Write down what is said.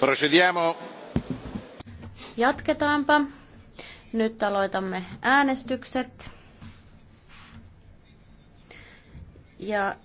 Procediamo. Jatketaanpa. Nyt aloitamme äänestykset. Ja